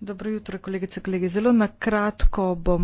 dobro jutro kolegice kolegi zelo na kratko bom povedala kaj smo v evropski uniji storili.